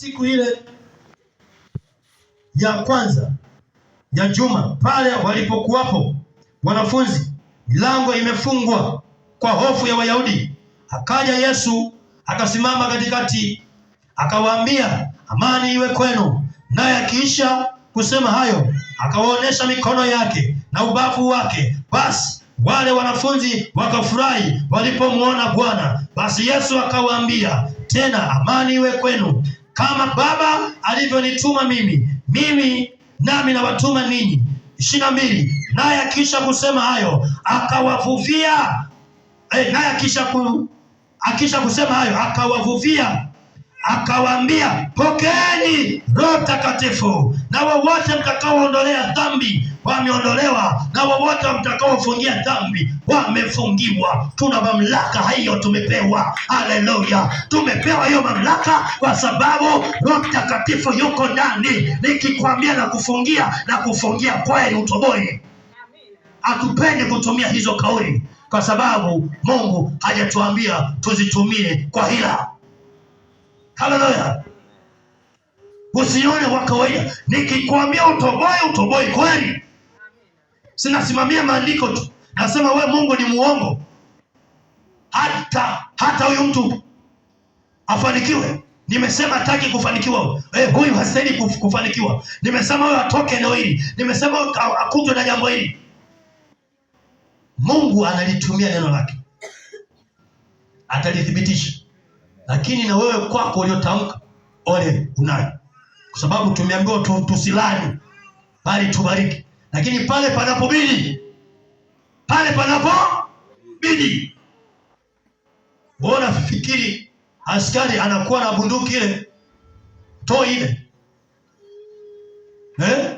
siku ile ya kwanza ya juma, pale walipokuwapo wanafunzi, milango imefungwa kwa hofu ya Wayahudi, akaja Yesu akasimama katikati, akawaambia amani iwe kwenu. Naye akiisha kusema hayo, akawaonesha mikono yake na ubavu wake. Basi wale wanafunzi wakafurahi walipomwona Bwana. Basi Yesu akawaambia tena, amani iwe kwenu kama Baba alivyonituma mimi, mimi nami nawatuma ninyi. ishirini na mbili naye akisha kusema hayo akawavuvia, eh, naye akisha ku, akisha kusema hayo akawavuvia akawaambia, pokeeni Roho Mtakatifu, na wowote mtakaoondolea dhambi wameondolewa, na wowote mtakaofungia dhambi wamefungiwa. Tuna mamlaka hiyo, tumepewa. Haleluya, tumepewa hiyo mamlaka kwa sababu Roho Mtakatifu yuko ndani. Nikikwambia na kufungia na kufungia kweli, utoboe. Hatupendi kutumia hizo kauli, kwa sababu Mungu hajatuambia tuzitumie kwa hila. Haleluya! Usione wa kawaida. Nikikwambia utoboe, utoboe kweli. Sinasimamia maandiko tu, nasema we Mungu ni muongo, hata hata huyu mtu afanikiwe. Nimesema hataki kufanikiwa, eh, huyu hastahili kufanikiwa. Nimesema huyu atoke eneo hili, nimesema akutwe na jambo hili. Mungu analitumia neno lake, atalithibitisha lakini na wewe kwako uliotamka ole unayo, kwa sababu tumeambiwa tusilani bali tubariki. Lakini pale panapobidi, pale panapobidi, mbona fikiri askari anakuwa na bunduki ile toi ile eh?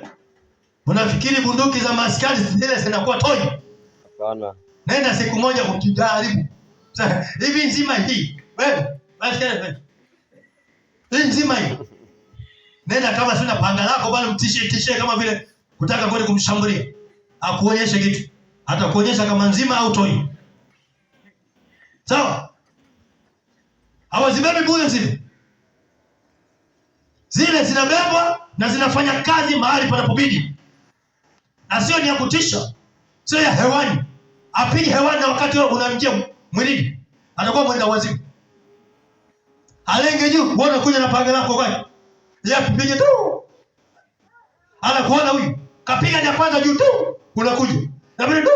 Unafikiri bunduki za maskari zile zinakuwa toi? Hapana. Nenda siku moja ukijaribu hivi nzima hii wewe hii nzima hii. Nenda kama sina panga lako bali mtishie tishie kama vile kutaka kwenda kumshambulia. Akuonyeshe kitu. Atakuonyesha kama nzima au toi. Sawa? Hawazibebi bure zile. Zile zinabebwa na zinafanya kazi mahali panapobidi. Na sio ni ya kutisha. Sio ya hewani. Apige hewani na wakati wewe unamjia mwilini. Atakuwa mwenda wazimu. Alenge juu, wewe kuja na panga lako kwani? Yapi mpiga tu. Anakuona huyu. Kapiga ya kwanza juu tu, unakuja. Na vile tu,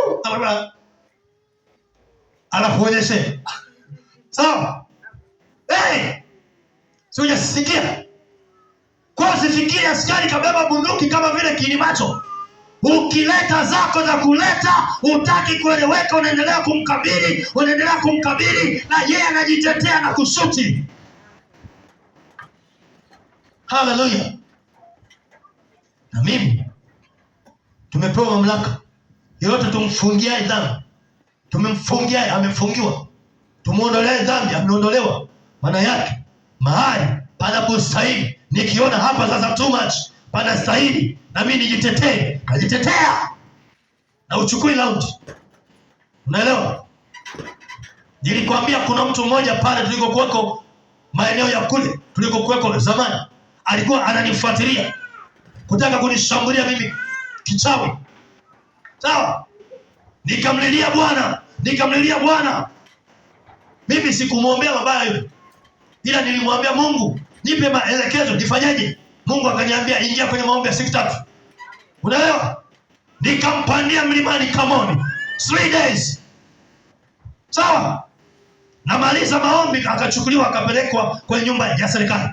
anakuonyesha. Sawa? Hey! Si hujasikia? Kwa sifikia askari kabeba bunduki kama vile kilimacho Ukileta zako za kuleta, utaki kueleweka, unaendelea kumkabili, unaendelea kumkabili na yeye anajitetea na kushuti. Haleluya! Na mimi tumepewa mamlaka yoyote, tumfungiae dhambi, tumemfungiae amefungiwa, tumuondolee dhambi ameondolewa. Maana yake mahali panapostahili, nikiona hapa sasa too much panastahili, na mimi nijitetee, najitetea na uchukui laundi. Unaelewa? Nilikwambia kuna mtu mmoja pale tulikokuweko maeneo ya kule tulikokuweko zamani alikuwa ananifuatilia kutaka kunishambulia mimi kichawi. Sawa, nikamlilia Bwana, nikamlilia Bwana. Mimi sikumwombea mabaya yule, ila nilimwambia Mungu nipe maelekezo nifanyeje. Mungu akaniambia ingia kwenye maombi ya siku tatu, unaelewa? Nikampandia mlimani Kamoni, three days. Sawa, namaliza maombi, akachukuliwa akapelekwa kwenye nyumba ya serikali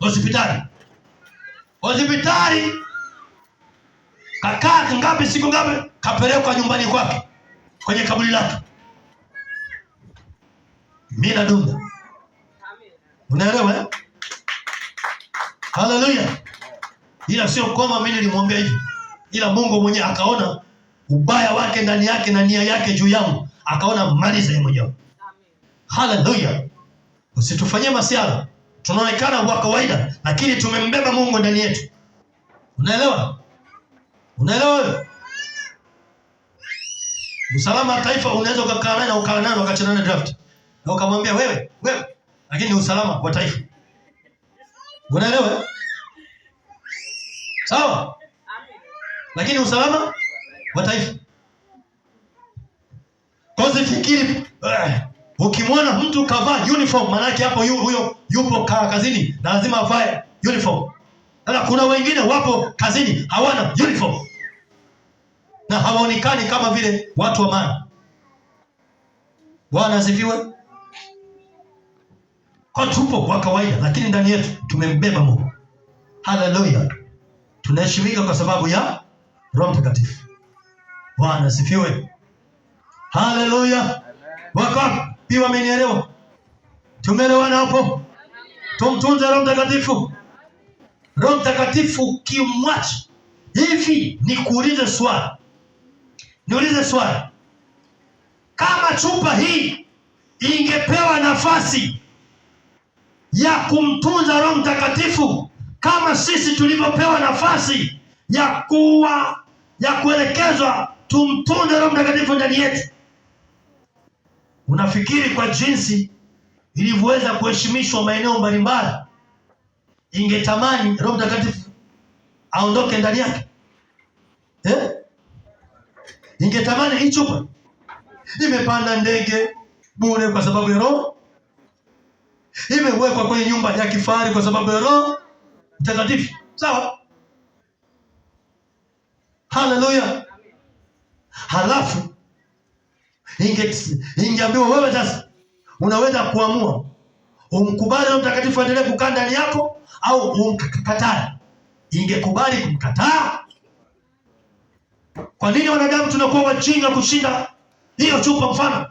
hospitali hospitali, kakaa ngapi, siku ngapi, kapelekwa nyumbani kwake kwenye kaburi lake. Mimi nadunda, unaelewa eh? Haleluya! Ila sio kwamba mimi nilimwambia hivi, ila Mungu mwenyewe akaona ubaya wake ndani yake na nia yake juu yangu, akaona maliza yeye mwenyewe. Haleluya! Usitufanyie masiara tunaonekana wa kawaida, lakini tumembeba Mungu ndani yetu. Unaelewa? Unaelewa wewe? Usalama wa taifa unaweza ukakaa naye na ukaa naye ukachana na draft. Na ukamwambia wewe, wewe, lakini ni usalama wa taifa. Unaelewa? Eh? Sawa? Lakini usalama wa taifa. Kozi fikiri. Uh. Eh, Ukimwona mtu kavaa uniform, maana yake hapo huyo yupo kazini na lazima avae uniform. Sasa kuna wengine wapo kazini hawana uniform na hawaonekani kama vile watu wa maana. Bwana asifiwe. tupo kwa kawaida, lakini ndani yetu tumembeba Mungu. Haleluya! Tunaheshimika kwa sababu ya Roho Mtakatifu. Bwana asifiwe. Haleluya. Wako hii wamenielewa? Tumeelewana hapo? Tumtunze Roho Mtakatifu. Roho Mtakatifu kimwachi hivi. Nikuulize swali, niulize swali, kama chupa hii ingepewa nafasi ya kumtunza Roho Mtakatifu kama sisi tulivyopewa nafasi ya kuwa ya kuelekezwa tumtunze Roho Mtakatifu ndani yetu Unafikiri kwa jinsi ilivyoweza kuheshimishwa maeneo mbalimbali, ingetamani Roho Mtakatifu aondoke ndani yake eh? Ingetamani hii chupa imepanda ndege bure kwa sababu ya Roho, imewekwa kwenye nyumba ya kifahari kwa sababu ya Roho Mtakatifu. Sawa, haleluya. Halafu ingeambiwa wewe sasa unaweza kuamua umkubali mtakatifu aendelee kukaa ndani yako au umkatae. Ingekubali kumkataa. Kwa nini wanadamu tunakuwa wajinga kushinda hiyo chupa? Mfano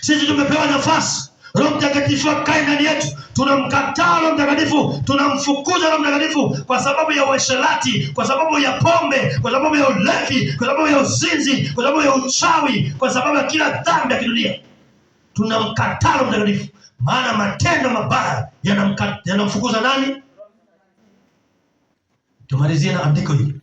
sisi tumepewa nafasi Roho Mtakatifu akae ndani yetu. Tunamkataa Roho Mtakatifu, tunamfukuza Roho Mtakatifu kwa sababu ya uasherati, kwa sababu ya pombe, kwa sababu ya ulevi, kwa sababu ya uzinzi, kwa sababu ya uchawi, kwa sababu ya kila dhambi ya kidunia. Tunamkataa Roho Mtakatifu, maana matendo mabaya yanamfukuza nani? Tumalizie na andiko hili.